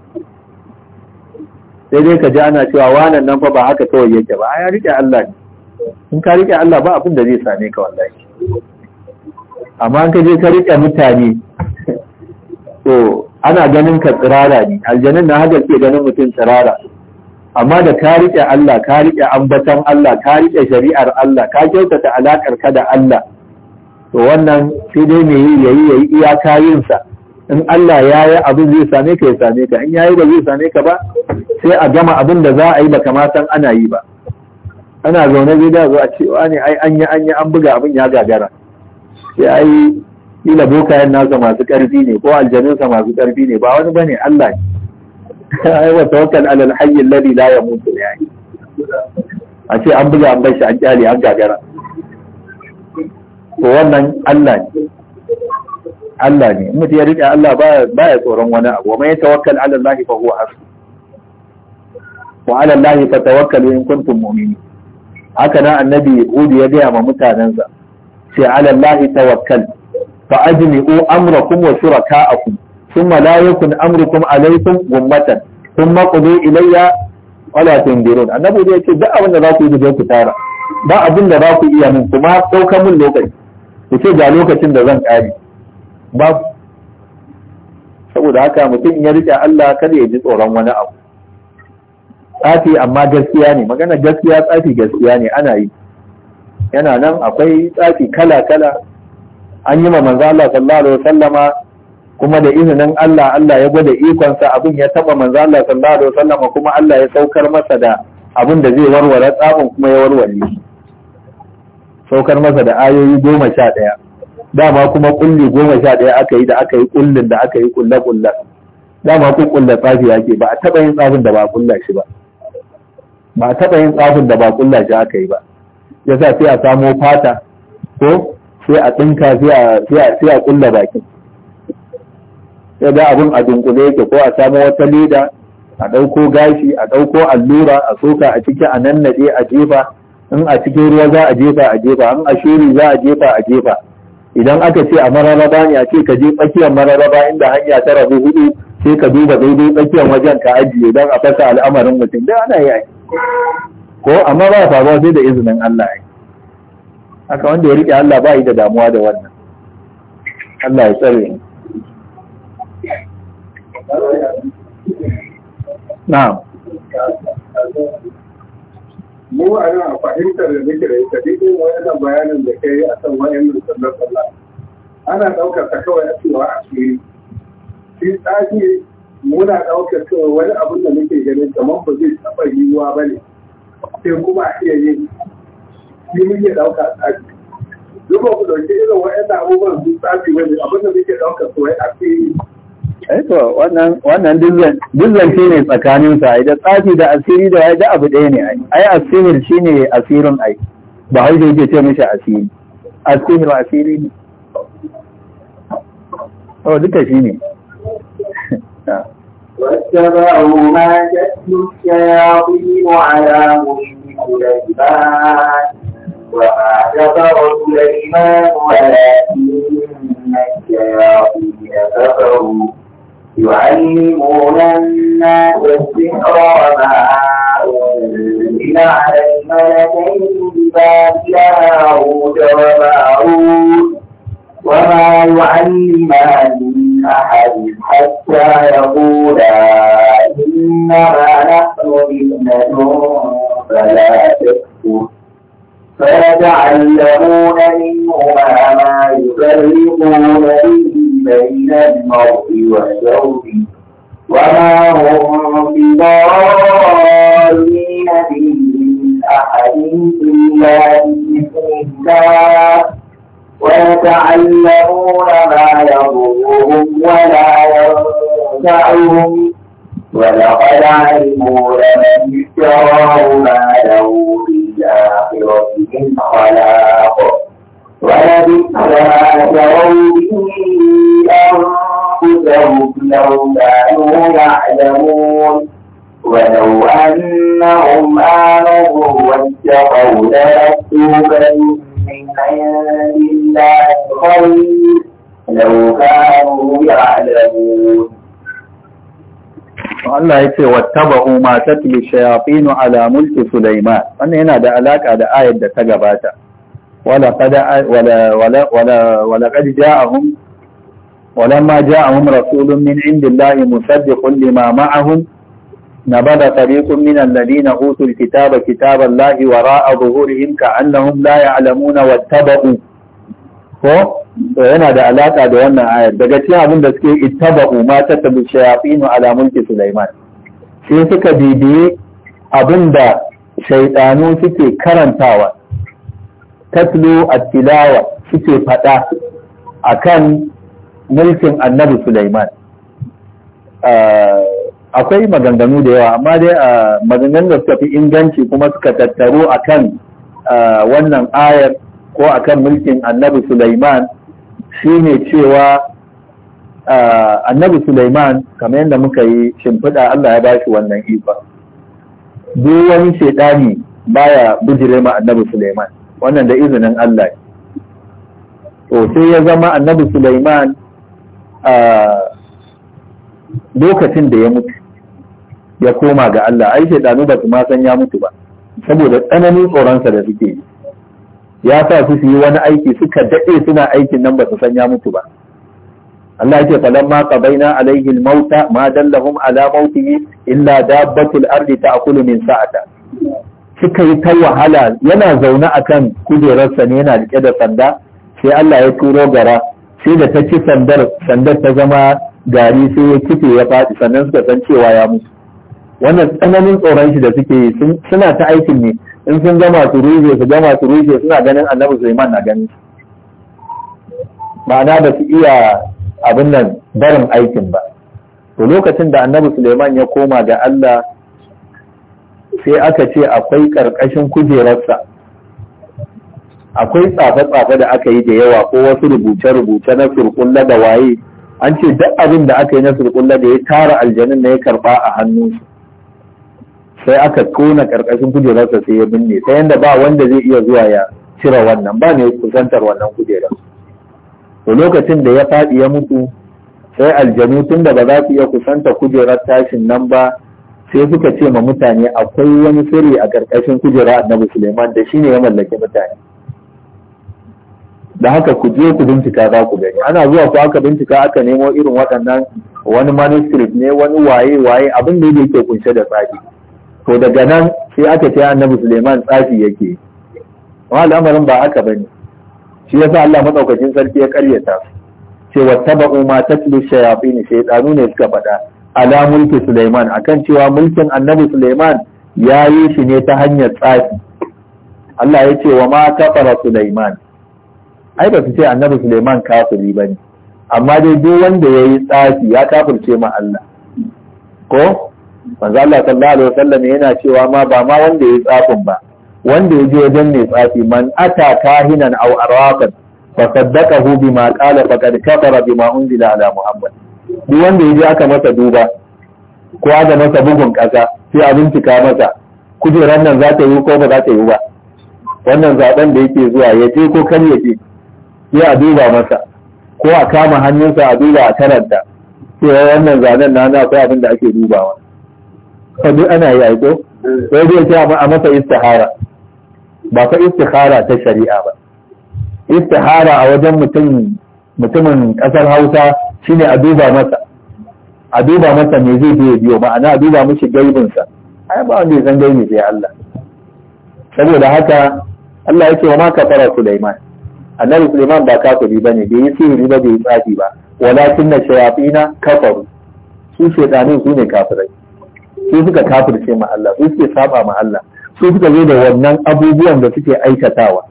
Speaker 1: sai dai ka ji ana cewa wannan nan fa ba haka kawai yake ba ya riƙe Allah ne in ka riƙe Allah ba abin da zai same ka wallahi amma ka je ka riƙe mutane to ana ganin ka tsirara ne aljanin na haka ke ganin mutum tsirara amma da ka rike Allah ka rike ambatan Allah ka rike shari'ar Allah ka kyautata alakar ka da Allah to wannan sai dai me yi yayi yayi iyaka yin sa in Allah ya yi abin zai same ka ya same ka in ya yi ba zai same ka ba sai a gama abin da za a yi ba kama san ana yi ba ana zaune gida zo a cewa ne ai an yi an yi an buga abin ya gagara sai ai kila bokayen nasa masu ƙarfi ne ko aljanunsa masu ƙarfi ne ba wani ba ne, Allah ne Aiwa, wa tawakkal ala al-hayy ya mutu, yamutu yayi a ce an buga an bar shi an kyale an gagara to wannan Allah ne Allah ne in mutum ya riƙe Allah baya tsoron wani abu wa mai tawakkal ala Allah fa huwa hasbu wa ala Allah fa tawakkalu in kuntum mu'minin haka nan annabi Hud ya gaya ma mutanensa sai ala Allah tawakkal fa ajmi'u amrakum wa shuraka'akum thumma la yakun amrukum alaykum gummatan thumma qudu ilayya wala tundirun annabi zai ce da abin za ku yi da ku tara ba abin da za ku iya min kuma ɗaukar mun lokaci ku ce ga lokacin da zan kare. babu saboda haka mutum ya rike Allah kada ya ji tsoron wani abu tsafi amma gaskiya ne magana gaskiya tsafi gaskiya ne ana yi yana nan akwai tsafi kala-kala an yi ma manzo Allah sallallahu alaihi wasallama kuma da izinin Allah Allah ya gwada ikonsa abin ya taba manzo Allah sallallahu alaihi wasallama kuma Allah ya saukar masa da abin da zai warware tsafin kuma ya warware shi, saukar masa da ayoyi goma sha ɗaya dama kuma kulli goma sha ɗaya aka yi da aka yi kullin da aka yi kulle kulle dama ku kulle tsafi yake ba a taba yin tsafin da ba kulla shi ba ba a taba yin tsafin da ba kulla shi aka yi ba ya sa sai a samo fata ko sai a tsinka sai a kulla bakin sai ga abin a dunkule yake ko a samo wata leda a ɗauko gashi a ɗauko allura a soka a ciki a nannaɗe a jefa in a cikin ruwa za a jefa a jefa in a shiri za a jefa a jefa idan aka ce a mararaba ne a ce ka je tsakiyar mararraba inda hanya ta rabu hudu sai ka duba daidai tsakiyar wajen ka ajiye don a fasa al'amarin mutum dai ana yi ko amma ba faruwa sai da izinin Allah ne haka wanda ya rike Allah ba yi da damuwa da wannan Allah ya tsare na'am
Speaker 2: mu a yi a fahimtar da nake da ita duk wani wannan bayanin da ke yi a kan wayannan sallar Allah ana daukar ta kawai a cewa a su yi shi tsaki muna daukar cewa wani abin da nake ganin kamar ba zai taba yiwuwa bane sai kuma a iya yin shi muke ɗauka tsafi duk ku ɗauki irin wa'yan abubuwan su tsafi wani abinda muke ɗauka su wai a fi Aiko eh wannan
Speaker 1: dizzanci ne tsakaninsa, ai da tsafi da asiri da ya ji abu ɗaya ne ai, ai asihir shi ne asirin ai, ba hau da yake ce mishi asiri, asihir asiri ne. Oh, duka shi ne.
Speaker 2: واتبعوا ما تتلو الشياطين على ملك سليمان وما كفر سليمان ولكن الشياطين كفروا يعلمون الناس السحر وما أنزل على الملكين ببابل هاروت وماروت وما يعلمان أحد حتى يقولا إنما نحن فتنة فلا تكفر فيتعلمون منهما ما يفرقون به بين المرء والزوج وما هم بضارين به من أحد إلا بإذن ويتعلمون ما يضرهم ولا ينفعهم ولقد علموا لمن اشتراه ما له في الآخرة من خلاق ولبئس ما شروا به أنفسهم لو كانوا يعلمون ولو أنهم آمنوا واتقوا لمكتوبا من عند الله خير لو كانوا يعلمون
Speaker 1: Allah ya ce wattaba'u ma tatlu shayatin ala mulki Sulaiman wannan yana da alaka da ayar da ta gabata wala qad wala wala wala wala qad ja'ahum ولما جاءهم رسول من عند الله مصدق لما معهم نبذ فريق من الذين أوتوا الكتاب كتاب الله وراء ظهورهم كأنهم لا يعلمون ko yana da alaka da wannan ayar daga cikin abin da suke ittaba'u ma tattabu shayafinu ala mulki Sulaiman sai suka bibiye abin da shaidanu suke karantawa tatlu at-tilawa suke fada akan mulkin annabi Sulaiman ah, akwai maganganu da yawa amma dai ah, maganganun da suka fi inganci kuma suka tattaru akan ah, wannan ayar ko akan mulkin annabi Sulaiman ne cewa annabi Sulaiman kamar yadda muka yi shimfiɗa Allah ya ba shi wannan ikon duk wani shaidani baya bujire ma annabi Sulaiman wannan da izinin Allah to sai ya zama annabi Sulaiman lokacin da ya mutu ya koma ga Allah ai shaidanu ba su ma san ya mutu ba saboda tsananin tsoronsa da suke yi ya sa su yi wani aiki suka daɗe suna aikin nan ba su san ya mutu ba Allah ya ce falamma qabaina alaihi al-mauta ma dallahum ala mautihi illa dabbatul ardi ta'kulu min sa'ata suka yi ta wahala yana zaune akan kujerarsa ne yana rike da sanda sai Allah ya turo gara sai da ta ci sandar sandar ta zama gari sai ya kife ya faɗi sannan suka san cewa ya mutu wannan tsananin tsoron shi da suke yi suna ta aikin ne in sun gama su ruje su gama su ruje suna ganin annabi Sulaiman na gani ma'ana ba su iya abin nan barin aikin ba to lokacin da annabi Suleiman ya koma ga Allah sai aka ce akwai ƙarƙashin kujerarsa akwai tsafe-tsafe da aka yi da yawa ko wasu rubuce-rubuce na surƙulla da waye an ce duk abin da aka yi na surkulla da ya tara aljanin na ya karɓa a hannunsu sai aka kona karkashin kujerarsa sai ya binne ta yanda ba wanda zai iya zuwa ya cire wannan ba ne kusantar wannan kujerar to lokacin da ya faɗi ya mutu sai aljanu tun da ba za su iya kusanta kujerar tashin nan ba sai suka ce ma mutane akwai wani sirri a karkashin kujera annabi Suleiman da shine ya mallaki mutane da haka ku je ku bincika za ku gani ana zuwa ku aka bincika aka nemo irin waɗannan wani manuscript ne wani waye waye abin da yake kunshe da tsari to daga nan sai aka ce annabi Suleiman tsafi yake amma al'amarin ba aka bane shi yasa Allah madaukakin sarki ya karyata cewa taba'u ma tatlu shayatin shaytanu ne suka faɗa ala mulki Suleiman akan cewa mulkin annabi Suleiman ya yi shi ne ta hanyar tsafi Allah ya ce wa ma kafara Suleiman ai ba su ce annabi Suleiman kafiri bane amma dai duk wanda ya yi tsafi ya kafirce ma Allah ko manzo Allah sallallahu alaihi wasallam yana cewa ma ba ma wanda ya tsafin ba wanda ya je wajen mai tsafi man ata kahinan aw arwaqan fa saddaqahu bima qala faqad kafara bima unzila ala muhammad duk wanda ya je aka masa duba ko aka masa bugun kasa sai a bincika masa kujerar nan za ta yi ko ba za ta yi ba wannan zaben da yake zuwa ya je ko kan ya je sai a duba masa ko a kama hannunsa a duba a karanta sai wannan zanen na na akwai abin da ake dubawa fa ana yi aiko sai dai ce a masa istihara ba fa istihara ta shari'a ba istihara a wajen mutum mutumin ƙasar Hausa shine a duba masa a duba masa me zai biyo biyo ma'ana a duba mishi gaibinsa ai ba wanda ya san gaibi sai Allah saboda haka Allah yake wa ma kafara Sulaiman annabi Sulaiman ba kafiri bane bai yi sihiri ba bai yi tsafi ba walakin na shayatina kafaru su shaytanin su ne kafirai
Speaker 3: su suka kafirce
Speaker 1: ma Allah su suke saba ma Allah su suka zo da wannan abubuwan da suke aikatawa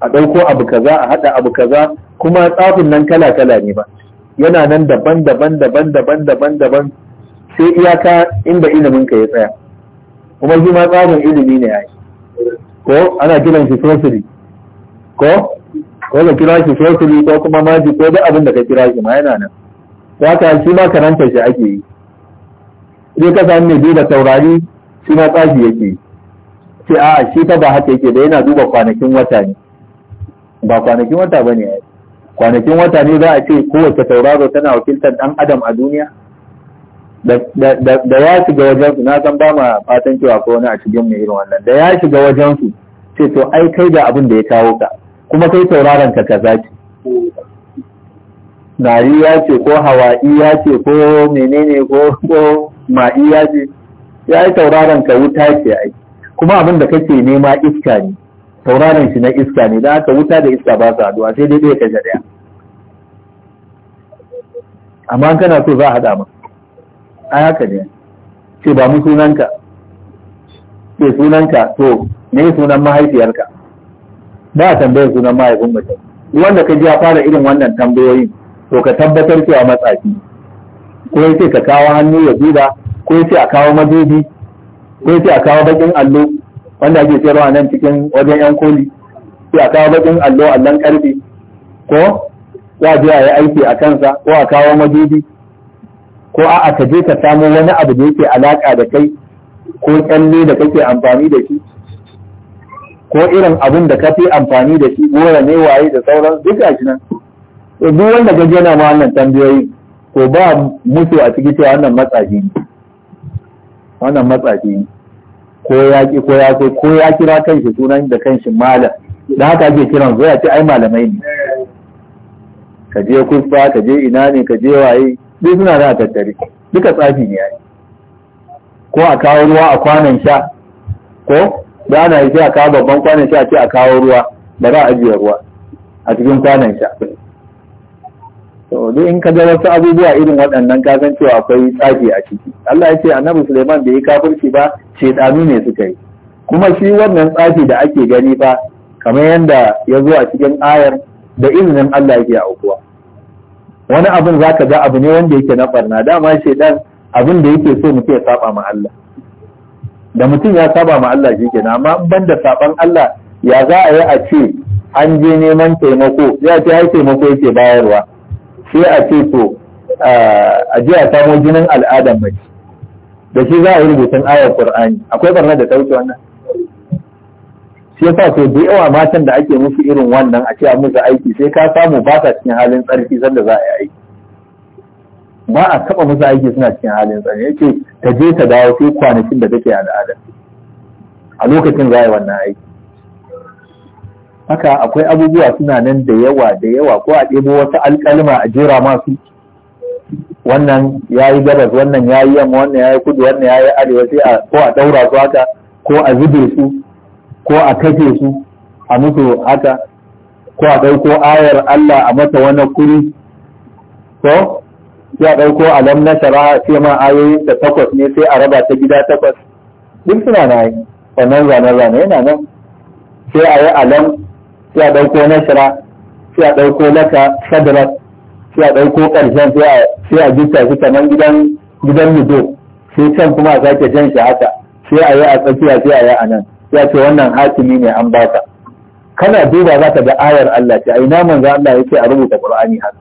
Speaker 1: a ɗauko abu kaza a haɗa abu kaza kuma tsafin nan kala kala ne ba yana nan daban daban daban daban daban daban sai iyaka inda ilimin ka ya tsaya kuma shi ma tsafin ilimi ne yayi ko ana kiran shi sorcery ko ko da kira shi sorcery ko kuma maji ko duk abin da ka kira shi ma yana nan haka shi ma karanta shi ake yi sai ka sami mai duba taurari shi ma tsafi yake ce a shi ta ba haka yake da yana duba kwanakin wata ne ba kwanakin wata ba ne kwanakin wata ne za a ce kowace tauraro tana wakiltar ɗan adam a duniya da ya shiga wajensu na san ba ma fatan cewa ko wani a cikin mai irin wannan da ya shiga wajensu ce to ai kai da abin da ya kawo ka kuma kai tauraron ka kaza ce nari ya ce ko hawa'i ya ce ko menene ko ya ce ya yi tauraron ka wuta ce ai kuma abin da kake nema iska ne tauraron shi na iska ne da haka wuta da iska ba sa duwa sai dai ɗaya kashe ɗaya amma kana so za a haɗa ma a haka ne ce ba mu sunanka ce sunanka to ne sunan mahaifiyarka ba a tambayar sunan mahaifin mutum wanda ka ji ya fara irin wannan tambayoyin to ka tabbatar cewa matsafi ko ya ce ka kawo hannu ya zuba. ko ya ce a kawo madubi ko ya ce a kawo bakin allo wanda ake sayarwa nan cikin wajen yan koli sai a kawo bakin allo allon karfe ko ya je a yi aiki a kansa ko a kawo madubi ko a aka je ka samo wani abu da yake alaka da kai ko kyalle da kake amfani da shi ko irin abin da ka fi amfani da shi gora ne waye da sauran duk gashi nan duk wanda gaji yana ma wannan tambayoyin to ba mutu a ciki cewa wannan matsafi ne wannan matsafi ne ko ya ki ko ya so ko ya kira kanshi sunan da kanshi malam da haka ake kiran zo ya ce ai malamai ne ka je kufa ka je ina ne ka je waye duk suna da tattare duka tsafi ne yayi ko a kawo ruwa a kwanan sha ko da ana yi sai a kawo babban kwanan sha ce a kawo ruwa ba za a ajiye ruwa a cikin kwanan sha to in ka ga wasu abubuwa irin waɗannan ka san cewa akwai tsafi a ciki Allah ya ce annabi Suleiman bai yi kafirci ba shedanu ne suka yi kuma shi wannan tsafi da ake gani fa kamar yadda ya zo a cikin ayar da izinin Allah yake aukuwa wani abin za ka ga abu ne wanda yake na barna dama shaidan abin da yake so mutum ya saba ma Allah da mutum ya saba ma Allah shi kenan amma ban da saban Allah ya za a yi a ce an je neman taimako ya ce ai taimako yake bayarwa sai a ce to a je a samo jinin al'adam mace da shi za a yi rubutun ayar qur'ani akwai barna da ta wannan shi yasa to da yawa matan da ake musu irin wannan a ce a musu aiki sai ka samu ba ka cikin halin tsarki sanda za a yi aiki ba a taba musu aiki suna cikin halin tsarki yace ta je ta dawo sai kwanakin da take al'ada a lokacin za a yi wannan aiki haka akwai abubuwa suna nan da yawa da yawa ko a ɗebo wasu alƙalma a jera masu wannan ya yi gabas wannan ya yi yamma wannan ya yi kudu wannan ya yi arewa sai a ko a ɗaura su haka ko a zube su ko a kafe su a musu haka ko a ɗauko ayar Allah a mata wani kuri ko sai a ɗauko alam na shara sai ma ayoyin da takwas ne sai a raba ta gida takwas duk suna na yi wannan zane-zane yana nan sai a yi alam sai a ɗauko nasara sai a ɗauko laka sadrat sai a ɗauko ƙarshen sai a gista shi kamar gidan gidan mido sai can kuma a sake jan shi haka sai a yi a tsakiya sai a yi a nan ya ce wannan hakimi ne an baka kana duba za ka ga ayar Allah ce a ina manzo Allah ya ce a rubuta Qur'ani haka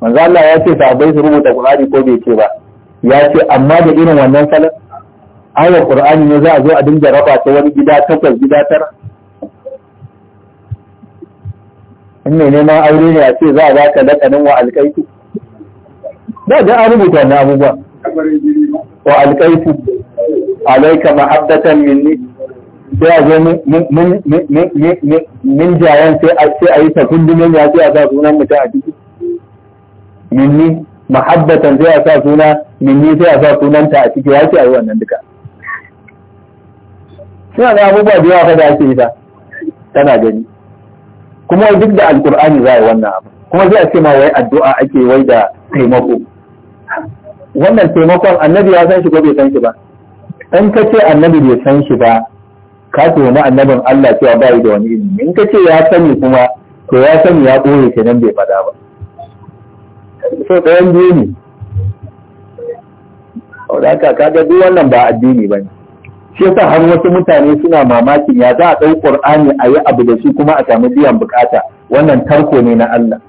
Speaker 1: manzo Allah ya ce sahabbai su rubuta Qur'ani ko bai ce ba ya ce amma da irin wannan salon ayar Qur'ani ne za a zo a dinga raba ta wani gida takwas gida tara in mai neman aure ne a ce za a ba ka lakanin wa alkaitu da ga an rubuta na abubuwa wa alkaitu
Speaker 3: alaika mahabbatan
Speaker 1: minni sai a zo min jayan sai a yi ta kundumin ya a sa sunan mutum a ciki minni mahabbatan sai a sa suna minni sai a sa ta a ciki ya ce a yi wannan duka suna da abubuwa da yawa fa da ake yi ta tana gani kuma wai duk da alkur'ani za a yi wannan abu kuma zai a ce ma wai addu'a ake wai da taimako wannan taimakon annabi ya san shi ko bai san shi ba in ka ce annabi bai san shi ba ka tuhumi annabin Allah cewa bai da wani ilimi in ka ce ya sani kuma to ya sani ya ɓoye kenan bai faɗa ba so ɗayan biyu ne. Saboda haka kaga duk wannan ba addini ba ne. shi yasa har wasu mutane suna mamakin ya za a ɗau ƙur'ani a yi abu da shi kuma a samu biyan bukata wannan tarko ne na Allah